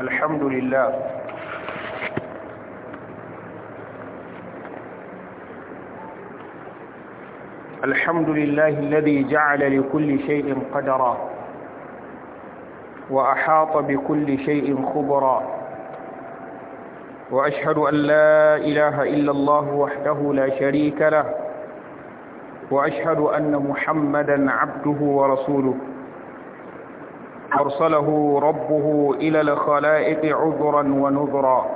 الحمد لله الحمد لله الذي جعل لكل شيء قدرا وأحاط بكل شيء خبرا وأشهد أن لا إله إلا الله وحده لا شريك له وأشهد أن محمدا عبده ورسوله أرسله ربه إلى الخلائق عذرا ونذرا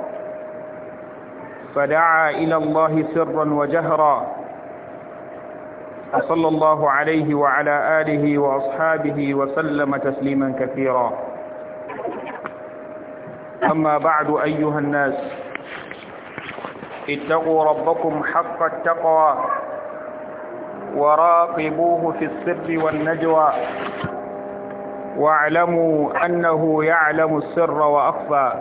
فدعا إلى الله سرا وجهرا صلى الله عليه وعلى آله وأصحابه وسلم تسليما كثيرا أما بعد أيها الناس اتقوا ربكم حق التقوى وراقبوه في السر والنجوى واعلموا أنه يعلم السر وأخفى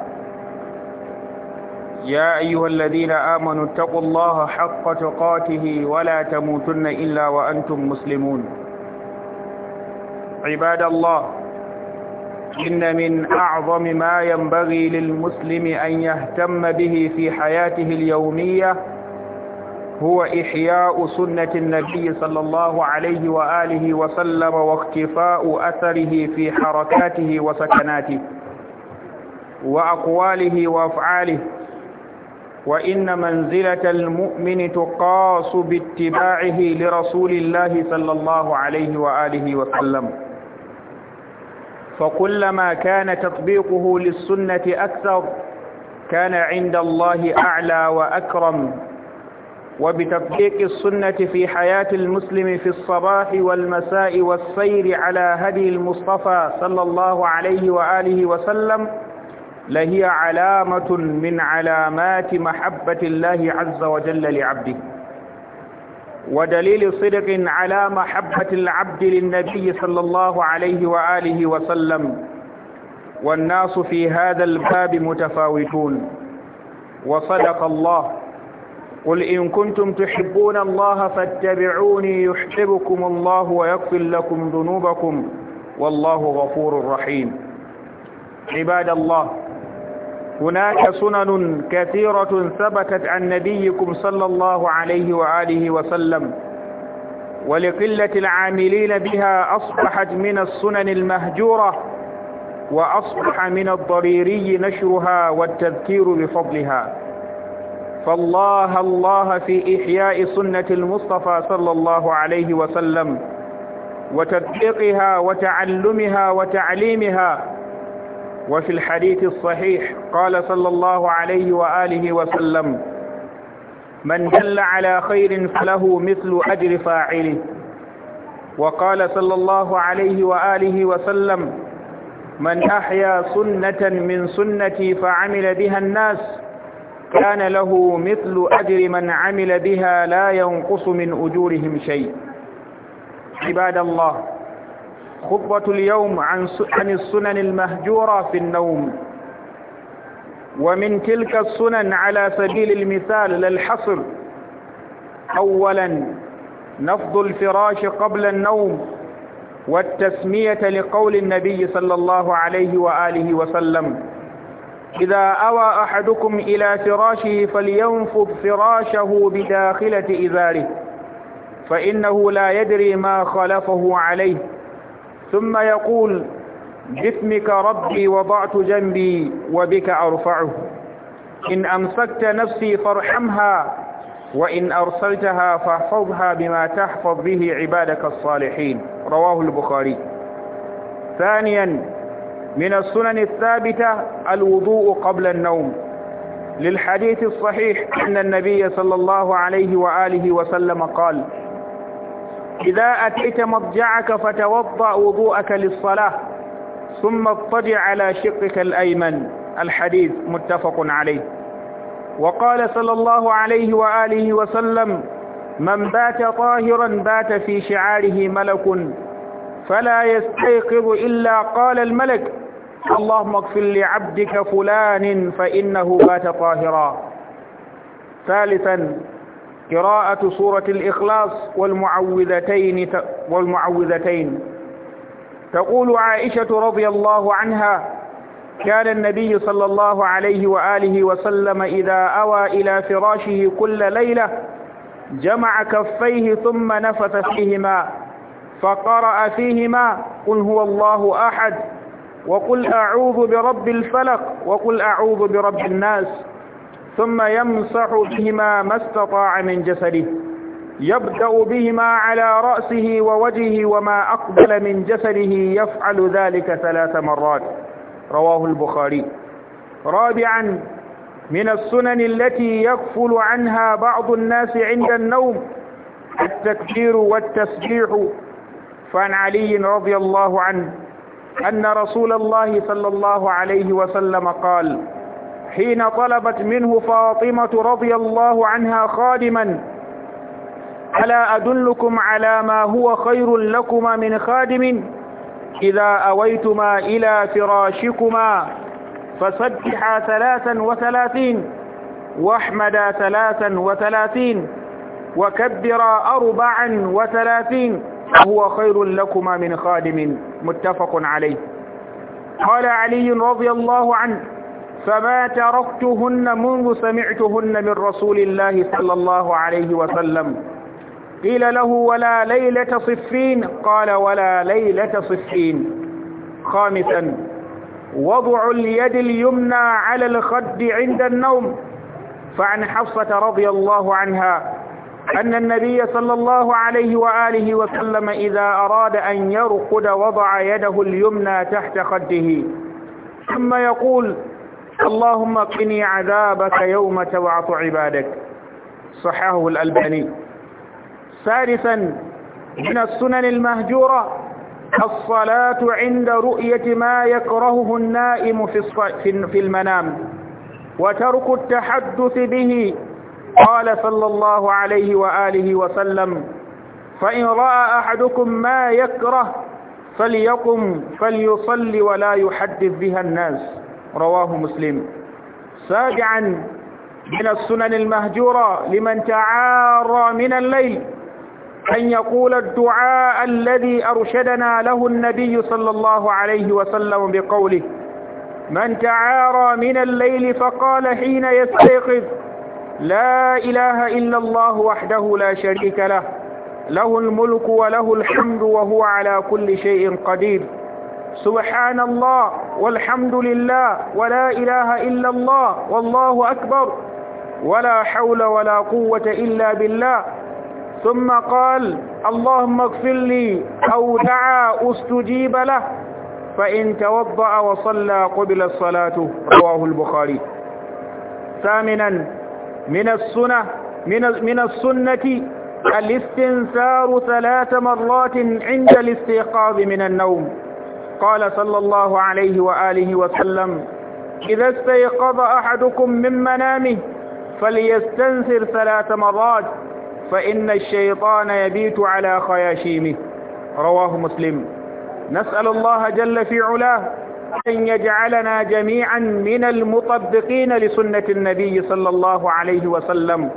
يا أيها الذين آمنوا اتقوا الله حق تقاته ولا تموتن إلا وأنتم مسلمون عباد الله إن من أعظم ما ينبغي للمسلم أن يهتم به في حياته اليومية هو إحياء سنة النبي صلى الله عليه وآله وسلم واختفاء أثره في حركاته وسكناته وأقواله وأفعاله وإن منزلة المؤمن تقاس باتباعه لرسول الله صلى الله عليه وآله وسلم فكلما كان تطبيقه للسنة أكثر كان عند الله أعلى وأكرم وبتطبيق السنة في حياة المسلم في الصباح والمساء والسير على هدي المصطفى صلى الله عليه وآله وسلم لهي علامة من علامات محبة الله عز وجل لعبده ودليل صدق على محبة العبد للنبي صلى الله عليه وآله وسلم والناس في هذا الباب متفاوتون وصدق الله قل إن كنتم تحبون الله فاتبعوني يحببكم الله ويغفر لكم ذنوبكم والله غفور رحيم عباد الله هناك سنن كثيرة ثبتت عن نبيكم صلى الله عليه وآله وسلم ولقلة العاملين بها أصبحت من السنن المهجورة وأصبح من الضريري نشرها والتذكير بفضلها فالله الله في إحياء سنة المصطفى صلى الله عليه وسلم وتدقيقها وتعلمها وتعليمها وفي الحديث الصحيح قال صلى الله عليه وآله وسلم من دل على خير فله مثل أجر فاعله وقال صلى الله عليه وآله وسلم من أحيا سنة من سنتي فعمل بها الناس كان له مثل أجر من عمل بها لا ينقص من أجورهم شيء عباد الله خطبة اليوم عن عن السنن المهجورة في النوم ومن تلك السنن على سبيل المثال للحصر أولا نفض الفراش قبل النوم والتسمية لقول النبي صلى الله عليه وآله وسلم إذا أوى أحدكم إلى فراشه فلينفض فراشه بداخلة إزاره فإنه لا يدري ما خلفه عليه ثم يقول باسمك ربي وضعت جنبي وبك أرفعه إن أمسكت نفسي فارحمها وإن أرسلتها فاحفظها بما تحفظ به عبادك الصالحين رواه البخاري ثانياً من السنن الثابتة الوضوء قبل النوم للحديث الصحيح أن النبي صلى الله عليه وآله وسلم قال إذا أتيت مضجعك فتوضأ وضوءك للصلاة ثم اضطجع على شقك الأيمن الحديث متفق عليه وقال صلى الله عليه وآله وسلم من بات طاهرا بات في شعاره ملك فلا يستيقظ إلا قال الملك اللهم اغفر لعبدك فلان فإنه بات طاهرا ثالثا قراءة سورة الإخلاص والمعوذتين والمعوذتين تقول عائشة رضي الله عنها كان النبي صلى الله عليه وآله وسلم إذا أوى إلى فراشه كل ليلة جمع كفيه ثم نفث فيهما فقرأ فيهما قل هو الله أحد وقل أعوذ برب الفلق وقل أعوذ برب الناس ثم يمسح بهما ما استطاع من جسده يبدأ بهما على رأسه ووجهه وما أقبل من جسده يفعل ذلك ثلاث مرات رواه البخاري رابعا من السنن التي يغفل عنها بعض الناس عند النوم التكبير والتسبيح فعن علي رضي الله عنه أن رسول الله صلى الله عليه وسلم قال حين طلبت منه فاطمة رضي الله عنها خادما ألا أدلكم على ما هو خير لكما من خادم إذا أويتما إلى فراشكما فسبحا ثلاثا وثلاثين واحمدا ثلاثا وثلاثين وكبرا أربعا وثلاثين وهو خير لكما من خادم متفق عليه قال علي رضي الله عنه فما تركتهن منذ سمعتهن من رسول الله صلى الله عليه وسلم قيل له ولا ليلة صفين قال ولا ليلة صفين خامسا وضع اليد اليمنى على الخد عند النوم فعن حفصة رضي الله عنها أن النبي صلى الله عليه وآله وسلم إذا أراد أن يرقد وضع يده اليمنى تحت خده ثم يقول اللهم قني عذابك يوم توعط عبادك صحاه الألباني ثالثا من السنن المهجورة الصلاة عند رؤية ما يكرهه النائم في المنام وترك التحدث به قال صلى الله عليه وآله وسلم فإن رأى أحدكم ما يكره فليقم فليصلي ولا يحدث بها الناس رواه مسلم سابعا من السنن المهجورة لمن تعارى من الليل أن يقول الدعاء الذي أرشدنا له النبي صلى الله عليه وسلم بقوله من تعارى من الليل فقال حين يستيقظ لا إله إلا الله وحده لا شريك له له الملك وله الحمد وهو على كل شيء قدير سبحان الله والحمد لله ولا إله إلا الله والله أكبر ولا حول ولا قوة إلا بالله ثم قال اللهم اغفر لي أو دعا أستجيب له فإن توضأ وصلى قبل صلاته رواه البخاري ثامنا من السنة من من السنة الاستنثار ثلاث مرات عند الاستيقاظ من النوم قال صلى الله عليه وآله وسلم إذا استيقظ أحدكم من منامه فليستنثر ثلاث مرات فإن الشيطان يبيت على خياشيمه رواه مسلم نسأل الله جل في علاه أن يجعلنا جميعا من المطبقين لسنة النبي صلى الله عليه وسلم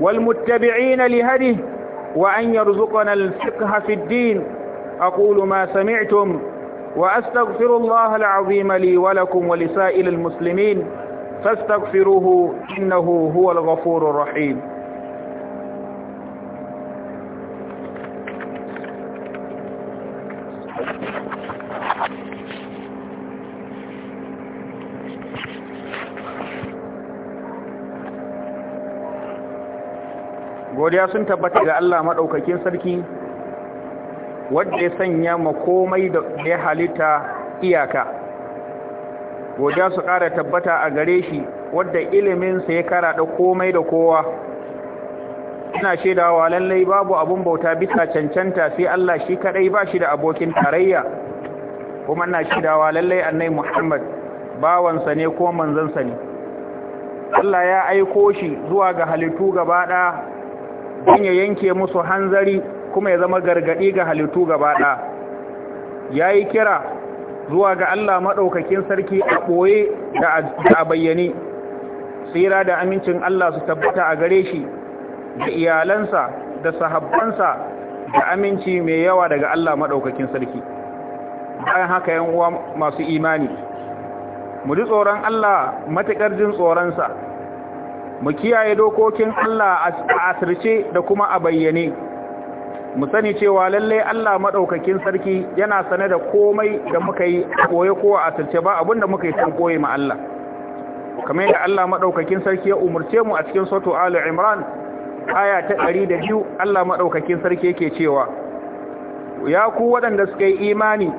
والمتبعين لهديه وأن يرزقنا الفقه في الدين أقول ما سمعتم وأستغفر الله العظيم لي ولكم ولسائر المسلمين فاستغفروه إنه هو الغفور الرحيم godiya sun tabbata ga Allah maɗaukakin sarki wadda ya sanya makomai da ya halitta iyaka godiya su ƙara tabbata a gare shi wadda iliminsa ya karaɗa komai da kowa ina shaidawa lallai babu abun bauta bisa cancanta sai Allah shi kaɗai ba shi da abokin tarayya kuma ina wa lallai annai Muhammad bawansa ne ko manzansa ne Allah ya aiko shi zuwa ga halittu gaba ɗaya don ya yanke musu hanzari kuma ya zama gargadi ga halittu gaba ɗaya ya yi kira zuwa ga Allah maɗaukakin sarki a ɓoye da a bayyane tsira da amincin Allah su tabbata a gare shi da iyalansa da sahabbansa da aminci mai yawa daga Allah maɗaukakin sarki bayan haka yan uwa masu imani mu ji tsoron Allah matakar jin tsoronsa mu kiyaye dokokin Allah a asirce da kuma a bayyane mu sani cewa lalle Allah madaukakin sarki yana sane da komai da muka yi koyo ko a asirce ba abinda muka yi san koyi ma Allah kamar yadda Allah madaukakin sarki ya umurce mu a cikin suratul ali imran aya ta 102 Allah madaukakin sarki yake cewa ya ku waɗanda suka yi imani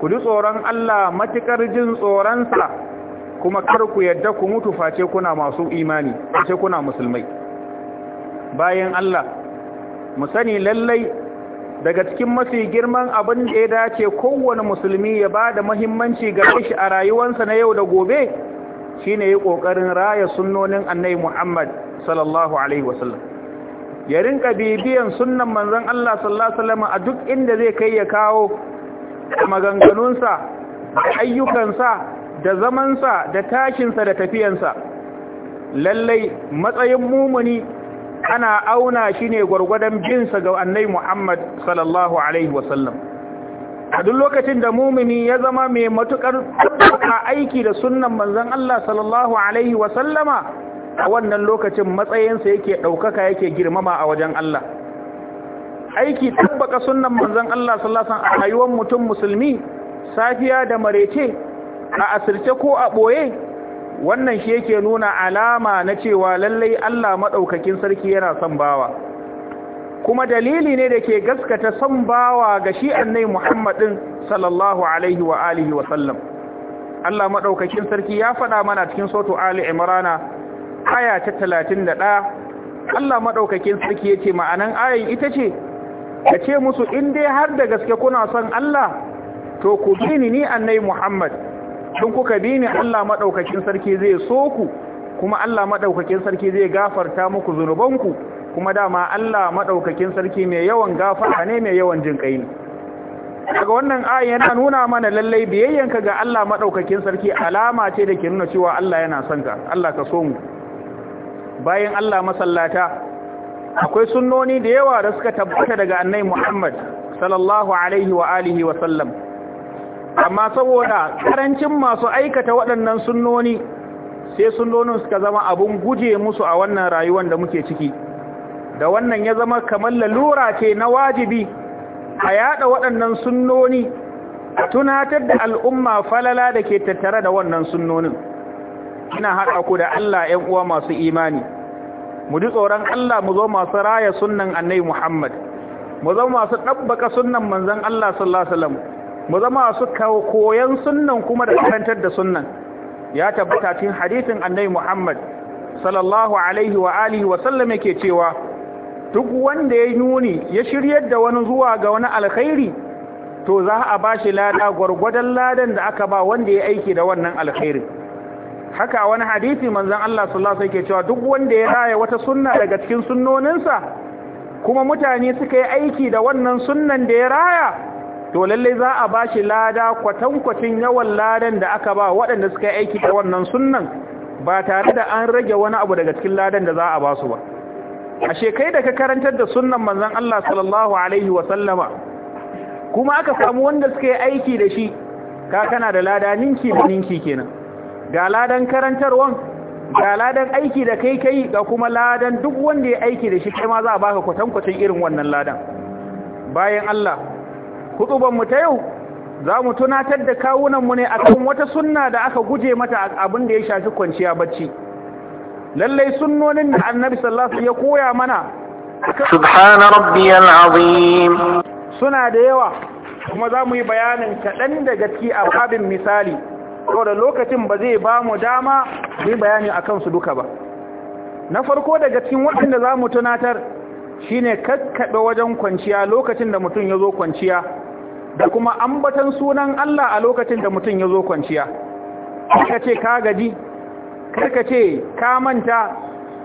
ku ji tsoron Allah matukar jin tsoronsa kuma kar ku yadda ku mutu face kuna masu imani face kuna musulmai bayan Allah mu sani lallai daga cikin mafi girman abin da ya dace kowane musulmi ya ba da mahimmanci ga shi a rayuwarsa na yau da gobe shine yi kokarin raya sunnonin annabi Muhammad sallallahu alaihi wasallam ya rinka bibiyan sunnan manzon Allah sallallahu alaihi wasallam a duk inda zai kai ya kawo maganganunsa da ayyukansa da zamansa da tashinsa da tafiyansa lallai matsayin mumuni ana auna shi ne gwargwadon jinsa ga annai Muhammad sallallahu alaihi wasallam a duk lokacin da mumuni ya zama mai matukar a aiki da sunnan manzon Allah sallallahu alaihi wasallama a wannan lokacin matsayinsa yake ɗaukaka yake girmama a wajen Allah aiki tabbaka sunan manzon Allah sallallahu alaihi wasallam a rayuwar mutum musulmi safiya da marece a asirce ko a ɓoye wannan shi yake nuna alama na cewa lallai Allah maɗaukakin sarki yana son bawa kuma dalili ne da ke gaskata son bawa ga shi annai muhammadin sallallahu alaihi wa alihi wa sallam Allah maɗaukakin sarki ya faɗa mana cikin soto Ali Imrana aya ta talatin da ɗaya Allah maɗaukakin sarki ya ce ma'anan ayin ita ce ka ce musu in dai har da gaske kuna son Allah to ku bi ni ni annai Muhammad Tun kuka bi ni Allah maɗaukakin sarki zai so ku kuma Allah maɗaukakin sarki zai gafarta muku zunubanku kuma dama Allah maɗaukakin sarki mai yawan gafarta ne mai yawan jin kai daga wannan ayi yana nuna mana lallai biyayyanka ga Allah maɗaukakin sarki alama ce da ke nuna cewa Allah yana son ka Allah ka so mu bayan Allah masallata akwai sunnoni da yawa da suka tabbata daga annai Muhammad sallallahu alaihi wa alihi wa sallam amma saboda karancin masu aikata waɗannan sunnoni sai sunnonin suka zama abun guje musu a wannan rayuwar da muke ciki da wannan ya zama kamar lalura ce na wajibi a yada waɗannan sunnoni a tunatar da al'umma falala da ke tattare da wannan sunnonin ina haɗa ku da Allah ‘yan uwa masu imani mu ji tsoron Allah mu zo masu raya sunnan annai Muhammad mu zo masu ɗabbaka sunnan manzan Allah sallallahu mu zama su koyan sunnan kuma da karantar da sunnan ya tabbata cikin hadisin annabi Muhammad sallallahu alaihi wa alihi wa sallam yake cewa duk wanda ya nuni ya shiryar da wani zuwa ga wani alkhairi to za a bashi lada gwargwadon ladan da aka ba wanda ya aiki da wannan alkhairin haka wani hadisi manzon Allah sallallahu alaihi yake cewa duk wanda ya raya wata sunna daga cikin sunnoninsa kuma mutane suka yi aiki da wannan sunnan da ya raya to lallai za a ba shi lada kwatankwacin yawan ladan da aka ba waɗanda suka yi aiki da wannan sunnan ba tare da an rage wani abu daga cikin ladan da za a ba su ba ashe kai da ka karantar da sunnan manzon Allah sallallahu alaihi wa sallama kuma aka samu wanda suka yi aiki da shi ka kana da lada ninki da ninki kenan ga ladan karantarwan ga ladan aiki da kai kai ga kuma ladan duk wanda ya aiki da shi kai ma za a baka kwatankwacin irin wannan ladan bayan Allah mu ta yau za mu tunatar da kawunanmu ne a akan wata sunna da aka guje mata abin da ya shafi kwanciya bacci lallai sunnonin da annabi sallallahu ya koya mana subhana rabbiyal azim suna da yawa kuma za mu yi bayanin kaɗan daga ci a babin misali saboda lokacin ba zai ba mu dama yi bayani akan su duka ba na farko daga cikin waɗanda za mu tunatar shine kakkaɓe wajen kwanciya lokacin da mutum ya zo kwanciya da kuma ambatan sunan Allah a lokacin da mutum ya zo kwanciya karka ce ka gaji karka ce ka manta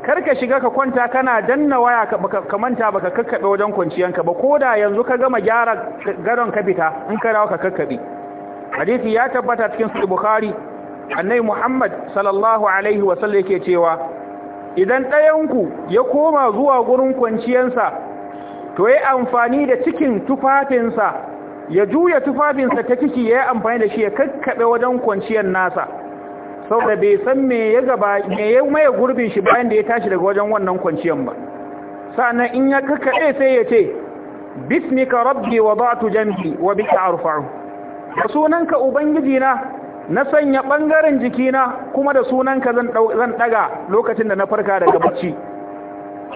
karka shiga ka kwanta kana danna waya ka manta baka kakkabe wajen kwanciyanka ba da yanzu ka gama gyara gadon kabita fita in ka dawo ka kakkabe hadisi ya tabbata cikin sahih bukhari annabi muhammad sallallahu alaihi wa sallam yake cewa idan ɗayanku ya koma zuwa gurin kwanciyansa to yi amfani da cikin tufafinsa ya juya tufafinsa ta ciki ya yi amfani da shi ya kakkaɓe wajen kwanciyar nasa saboda bai san me ya gaba me ya maye gurbin shi bayan da ya tashi daga wajen wannan kwanciyar ba sannan in ya kakkaɓe sai ya ce bismika rabbi wa tu jambi wa bika arfaru da sunanka ubangiji na na sanya ɓangaren jikina kuma da sunanka zan ɗaga lokacin da na farka daga bacci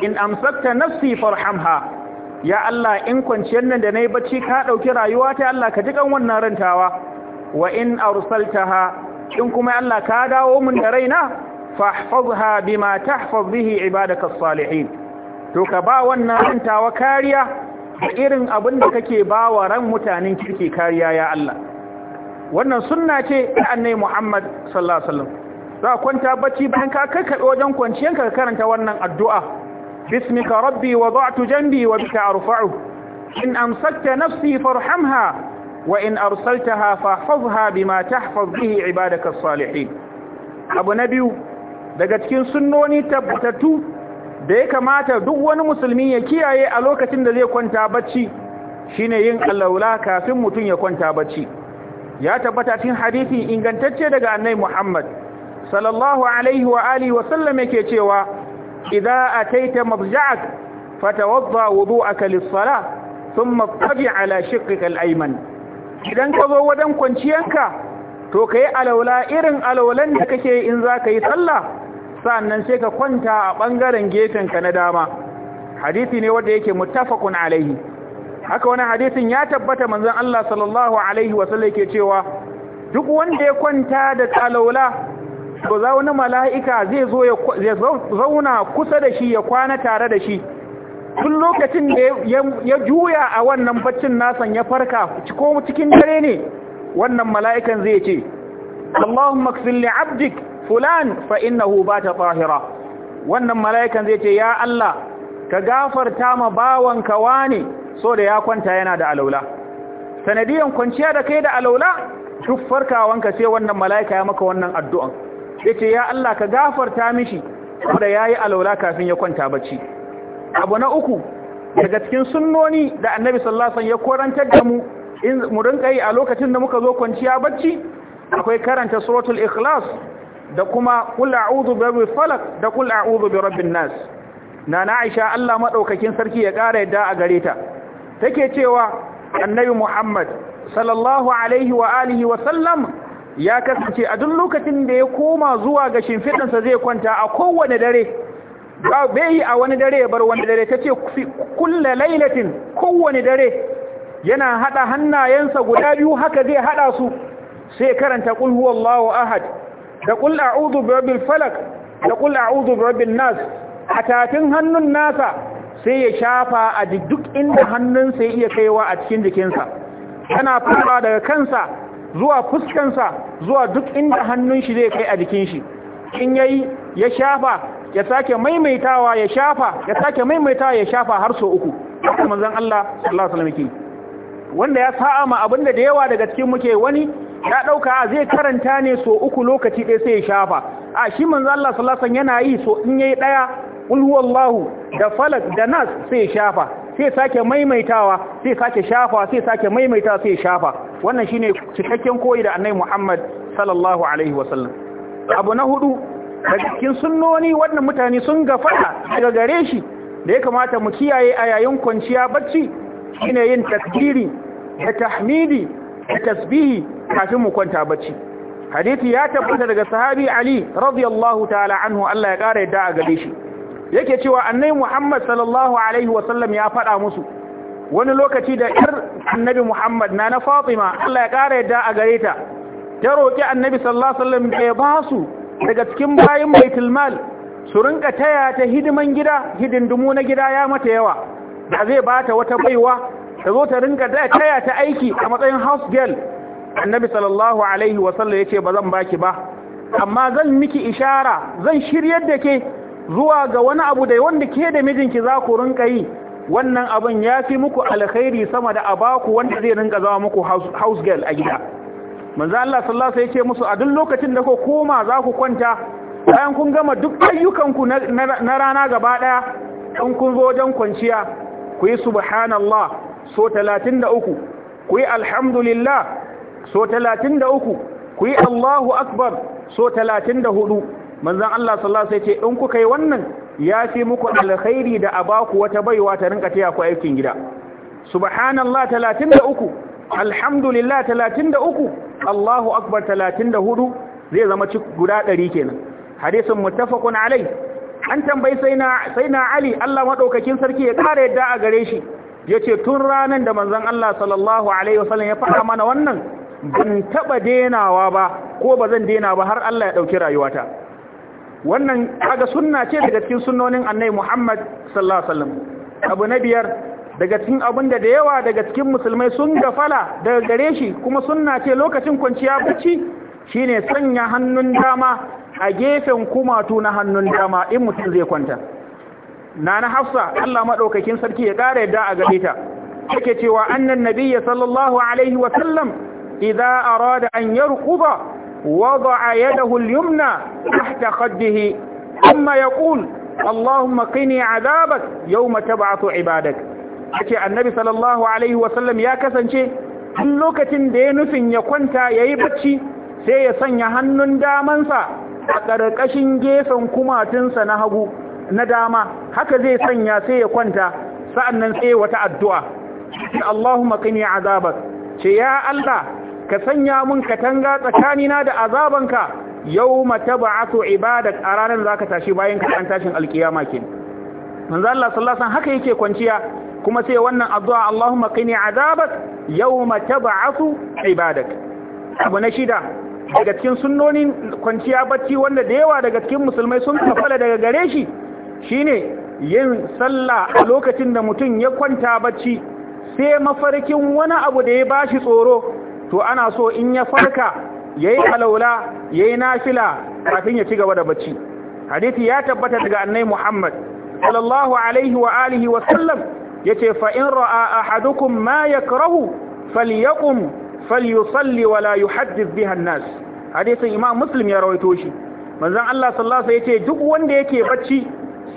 in amsakta nafsi farhamha ya Allah in kwanciyar nan da na yi bacci ka ɗauki rayuwa ta Allah ka jiƙan wannan rantawa wa in ha in kuma Allah ka dawo mun da raina fahfazha ta tahfaz bihi ibadaka salihin to ka ba wannan rantawa kariya da irin abin da kake ba wa ran mutanen kirki kariya ya Allah wannan sunna ce ta Muhammad sallallahu alaihi wasallam za kwanta bacci bayan ka kakkabe wajen kwanciyar ka karanta wannan addu'a باسمك ربي وضعت جنبي وبك أرفعه إن أمسكت نفسي فارحمها وإن أرسلتها فاحفظها بما تحفظ به عبادك الصالحين أبو نبيو daga cikin sunnoni tabbatattu da ya kamata duk wani musulmi ya kiyaye a lokacin da zai kwanta bacci shine yin allaula kafin mutum ya kwanta bacci ya tabbata cikin hadisi ingantacce daga annai Muhammad sallallahu alaihi wa wa sallam yake cewa Ida a إذا أتيت مضجعك فتوضأ وضوءك للصلاة ثم اضطجع على شقك الأيمن إذا كذو ودن كنشيانك to kai alaula irin alaulan da kake in za ka yi sallah sannan sai ka kwanta a ɓangaren gefen ka na dama hadisi ne wanda yake muttafaqun alaihi haka wani hadisin ya tabbata manzon Allah sallallahu alaihi wasallam yake cewa duk wanda ya kwanta da alaula to za wani mala'ika zai zo ya zauna kusa da shi ya kwana tare da shi tun lokacin da ya juya a wannan baccin nasan ya farka ko cikin dare ne wannan mala'ikan zai ce allahun kfil li abdik fulan fa innahu ta tsahira wannan mala'ikan zai ce ya Allah ka gafarta ma bawanka wane so da ya kwanta yana da alaula sanadiyan kwanciya da kai da alaula duk farkawanka sai wannan mala'ika ya maka wannan addu'an ya ce ya Allah ka gafarta mishi wanda ya yi alaula kafin ya kwanta bacci abu na uku daga cikin sunnoni da annabi sallasan ya koranta da mu in mu rinka yi a lokacin da muka zo kwanciya bacci akwai karanta suratul ikhlas da kuma kul a'udhu bi falaq da kul a'udhu bi nas nana aisha Allah madaukakin sarki ya kara yadda a gare ta take cewa annabi muhammad sallallahu alaihi wa alihi wa sallam ya kasance a duk lokacin da ya koma zuwa ga shimfiɗinsa zai kwanta a kowane dare bai a wani dare ya bar wani dare ta ce kulle lailatin kowane dare yana haɗa hannayensa guda biyu haka zai haɗa su sai karanta kul huwallahu ahad da kul a'udhu birabbil falak da kul a'udhu birabbin nas a tafin hannun nasa sai ya shafa a duk inda hannunsa ya iya kaiwa a cikin jikinsa yana fara daga kansa zuwa fuskansa zuwa duk inda hannun shi zai kai a jikin shi in yayi ya shafa ya sake maimaitawa ya shafa ya sake maimaitawa ya shafa har so uku kuma manzon Allah sallallahu alaihi wasallam wanda ya sa'a ma abinda da yawa daga cikin muke wani ya dauka zai karanta ne so uku lokaci dai sai ya shafa a shi manzon Allah sallallahu alaihi wasallam yana yi so in yayi daya qul huwallahu da falak da nas sai ya shafa sai sake maimaitawa sai sake shafa sai sake maimaitawa sai ya shafa wannan shi ne cikakken koyi da annabi Muhammad sallallahu alaihi wasallam abu na hudu da cikin sunnoni wannan mutane sun gafara daga gare shi da ya kamata mu kiyaye a yayin kwanciya bacci shine yin takbiri da tahmidi da tasbihi kafin mu kwanta bacci Hadithi ya tabbata daga sahabi Ali radiyallahu ta'ala anhu Allah ya ƙara yadda a gare shi yake cewa annabi Muhammad sallallahu alaihi wasallam ya faɗa musu wani lokaci da ir annabi Muhammad na na Fatima Allah ya ƙara yadda a gare ta ta roƙi annabi sallallahu alaihi wasallam ya ba daga cikin bayin baitul mal su rinka taya ta hidiman gida hidindumu na gida ya mata yawa da zai ba wata baiwa ta zo ta rinka taya ta aiki a matsayin house girl annabi sallallahu alaihi wasallam ya ba zan baki ba amma zan miki ishara zan shiryar da ke zuwa ga wani abu da wanda ke da mijinki za ku rinka yi wannan abin ya fi muku alkhairi sama da abaku wanda zai rinka zama muku house girl a gida manzo Allah sallallahu alaihi wasallam ya ce musu a duk lokacin da ku koma za ku kwanta bayan kun gama duk ayyukanku na rana gaba daya in kun zo wajen kwanciya ku yi subhanallah so 33 ku yi alhamdulillah so 33 ku yi Allahu akbar so 34 manzon Allah sallallahu alaihi wasallam ya ce in kuka yi wannan ya fi muku alkhairi da a baku wata baiwa ta rinka taya ku aikin gida subhanallah 33 alhamdulillah 33 Allahu akbar 34 zai zama ci guda 100 kenan hadisin muttafaqun alai an tambayi saina na ali Allah madaukakin sarki ya kare yadda a gare shi yace tun ranan da manzon Allah sallallahu alaihi wasallam ya faɗa mana wannan ban taba denawa ba ko bazan dena ba har Allah ya dauki rayuwata wannan kaga sunna ce daga cikin sunnonin annai Muhammad sallallahu alaihi wasallam abu na daga cikin abinda da yawa daga cikin musulmai sun gafala daga gare shi kuma sunna ce lokacin kwanciya bacci shine sanya hannun dama a gefen kumatu na hannun dama in mutum zai kwanta nana Hafsa Allah madaukakin sarki ya kare yadda a gare ta take cewa annan nabiyyi sallallahu alaihi wasallam idza arada an yarquba وضع ya اليمنى تحت خده ثم يقول اللهم قني عذابك يوم تبعث عبادك ake annabi sallallahu alaihi wasallam ya kasance duk lokacin da ya nufin ya kwanta ya yi bacci sai ya sanya hannun damansa a ƙarƙashin gefen kumatinsa na hagu na dama haka zai sanya sai ya kwanta sa'annan sai wata addu'a Allahumma qini azabak ce ya Allah ka sanya mun katanga tsakanina da azabanka yau mata so ibadar a ranar za ka tashi bayan kaɗan tashin alkiyama ke manzo Allah sallasa haka yake kwanciya kuma sai wannan addu'a Allahumma mata ba a so ibadar abu na shida daga cikin sunnonin kwanciya bacci wanda da yawa daga cikin musulmai sun kafala daga gare shi shi ne yin sallah a lokacin da mutum ya kwanta bacci sai mafarkin wani abu da ya bashi tsoro to ana so in ya farka yayi alaula yayi nafila kafin ya ci gaba da bacci hadisi ya tabbata daga annai Muhammad sallallahu alaihi wa alihi wa sallam yace fa in ra'a ahadukum ma yakrahu falyaqum falyusalli wa la yuhaddith biha an-nas hadisin Imam Muslim ya rawaito shi manzon Allah sallasa ya yace duk wanda yake bacci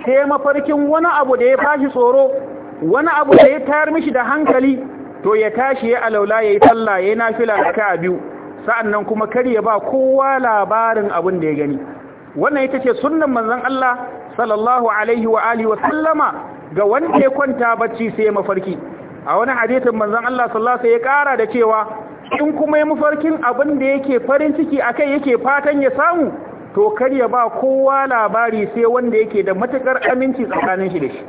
sai mafarkin wani abu da ya fashi tsoro wani abu da ya tayar mishi da hankali to ya tashi ya alaula yayi sallah yayi nafila ka biyu sa'annan kuma karye ba kowa labarin abin da ya gani wannan ita ce sunan manzan Allah sallallahu alaihi wa wa sallama ga wanda ya kwanta bacci sai mafarki a wani hadisin manzan Allah sallallahu ya kara da cewa in kuma ya mafarkin abin da yake farin ciki akai yake fatan ya samu to kar ba kowa labari sai wanda yake da matukar aminci tsakanin shi da shi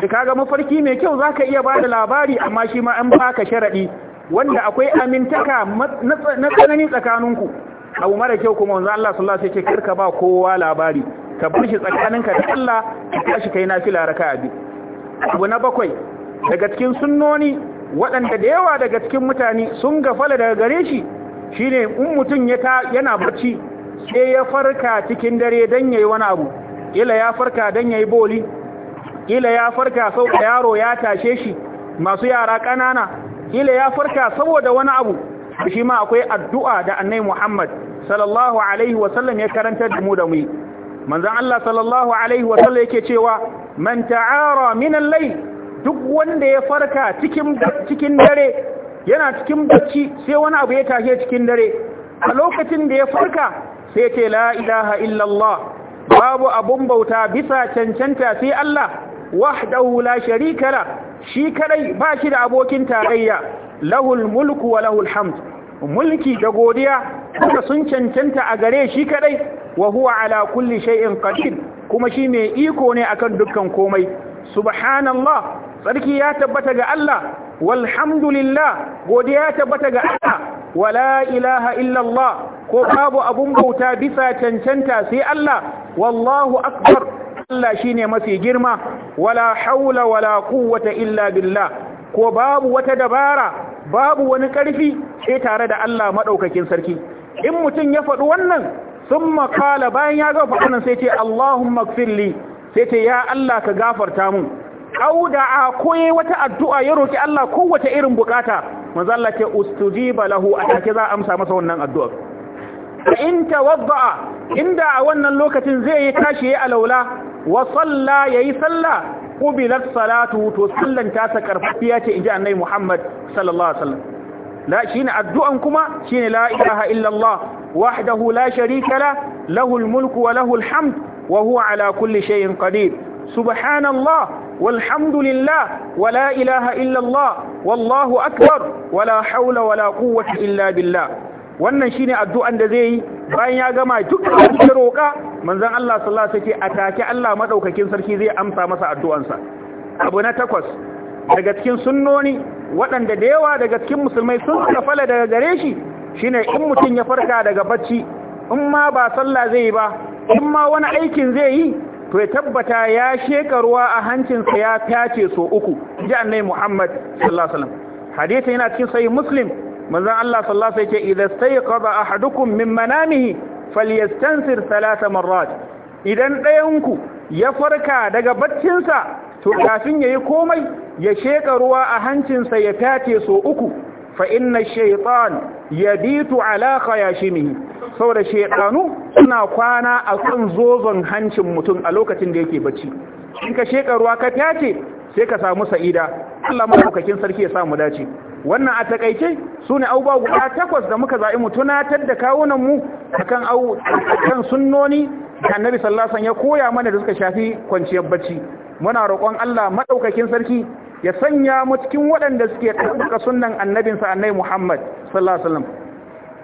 da kaga mafarki mai kyau za ka iya ba da labari amma shi ma an baka sharadi wanda akwai amintaka na tsanani tsakaninku abu mara kyau kuma wanzu Allah sallallahu alaihi wasallam ka ba kowa labari ka bar shi tsakaninka da Allah ka shi kai nafila raka'a bi abu na bakwai daga cikin sunnoni waɗanda da yawa daga cikin mutane sun gafala daga gare shi shine in mutum ya yana barci sai ya farka cikin dare dan yayi wani abu ila ya farka dan yayi boli kila ya farka saboda yaro ya tashe shi masu yara ƙanana kila ya farka saboda wani abu shi ma akwai addu'a da annai Muhammad sallallahu alaihi wasallam ya karantar da mu da mu manzon Allah sallallahu alaihi wasallam yake cewa man ta'ara min al-layl duk wanda ya farka cikin cikin dare yana cikin bacci sai wani abu ya tashe cikin dare a lokacin da ya farka sai ce la ilaha illallah babu abun bauta bisa cancanta sai Allah wahdahu la sharika la shi kadai ba shi da abokin tarayya lahul mulku wa lahul hamd mulki da godiya kuma sun cancanta a gare shi kadai wa huwa ala kulli shay'in qadir kuma shi mai iko ne akan dukkan komai subhanallah sarki ya tabbata ga Allah walhamdulillah godiya ya tabbata ga Allah wala ilaha illa Allah ko babu abun bauta bisa cancanta sai Allah wallahu akbar Allah shine masu girma wala haula wala quwwata illa billah ko babu wata dabara babu wani karfi sai tare da Allah maɗaukakin sarki in mutum ya faɗi wannan summa makala. bayan ya gafa wannan sai ce Allahumma ighfirli sai ce ya Allah ka gafarta mun au da koyi wata addu'a ya roki Allah kowace irin bukata manzo Allah ce a take za amsa masa wannan addu'ar. in tawadda'a inda a wannan lokacin zai yi tashi ya alaula wa salla yayi salla ƙubilar salatu to sallan ta sa karfafiya ce inji annabi Muhammad sallallahu alaihi wasallam shi shine addu'an kuma shine la ilaha illallah wahdahu la sharikala la lahul mulku wa lahul hamd wa huwa ala kulli shay'in qadir subhanallah والحمد لله ولا إله إلا الله والله wala ولا حول ولا قوة إلا wannan shine addu'an da zai yi bayan ya gama duk abin roƙa manzon Allah sallallahu alaihi wasallam atake Allah madaukakin sarki zai amsa masa addu'ansa abu na takwas daga cikin sunnoni waɗanda da yawa daga cikin musulmai sun kafala daga gare shi shine in mutum ya farka daga bacci in ma ba sallah zai yi ba in ma wani aikin zai yi to ya tabbata ya sheka a hancinsa ya tace so uku ji annai Muhammad sallallahu alaihi hadisi yana cikin sahih Muslim manzan Allah sallallahu alaihi wasallam yake idza stayqadha ahadukum min manamihi falyastansir thalath marrat idan ɗayanku ya farka daga baccinsa to kafin yayi komai ya sheƙa ruwa a hancinsa ya tace so uku fa inna ya shaytan yabitu ala khayashimihi saboda shaitanu, suna kwana a kan zozon hancin mutum a lokacin da yake bacci in ka sheka ruwa ka tace sai ka samu sa'ida Allah maɗaukakin sarki ya samu dace wannan a takaice su sune abubuwa guda takwas da muka zaɓi mu tunatar da kawunanmu mu akan kan sunnoni da Annabi sallasan ya koya mana da suka shafi kwanciyar bacci muna roƙon Allah maɗaukakin sarki ya sanya mu cikin waɗanda suke karɓa sunan annabinsa annai Muhammad sallallahu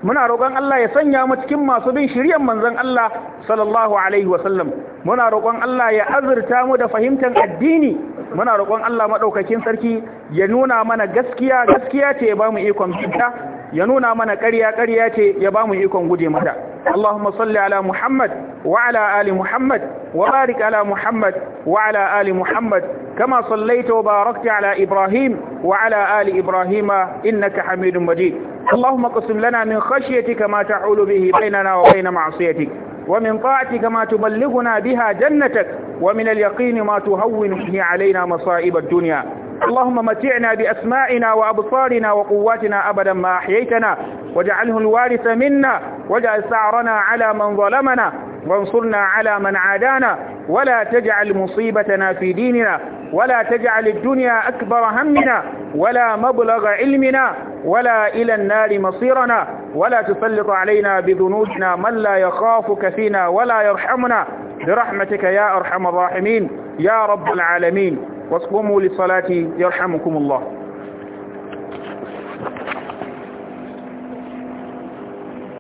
muna roƙon Allah ya sanya mu cikin masu bin shiryan manzon Allah sallallahu alaihi wasallam muna roƙon Allah ya azurta mu da fahimtar addini muna roƙon Allah madaukakin sarki ya nuna mana gaskiya gaskiya ce ya bamu ikon fita, ya nuna mana ƙarya ƙarya ce ya bamu ikon guje mata Allahumma salli ala Muhammad wa ala ali Muhammad wa barik ala Muhammad wa ala ali Muhammad كما صليت وباركت على إبراهيم وعلى آل إبراهيم إنك حميد مجيد اللهم اقسم لنا من خشيتك ما تحول به بيننا وبين معصيتك ومن طاعتك ما تبلغنا بها جنتك ومن اليقين ما تهون به علينا مصائب الدنيا اللهم متعنا بأسماعنا وأبصارنا وقواتنا أبدا ما أحييتنا واجعله الوارث منا واجعل سعرنا على من ظلمنا وانصرنا على من عادانا ولا تجعل مصيبتنا في ديننا ولا تجعل الدنيا أكبر همنا ولا مبلغ علمنا ولا إلى النار مصيرنا ولا تسلط علينا بذنوبنا من لا يخافك فينا ولا يرحمنا برحمتك يا أرحم الراحمين يا رب العالمين واسقوموا للصلاة يرحمكم الله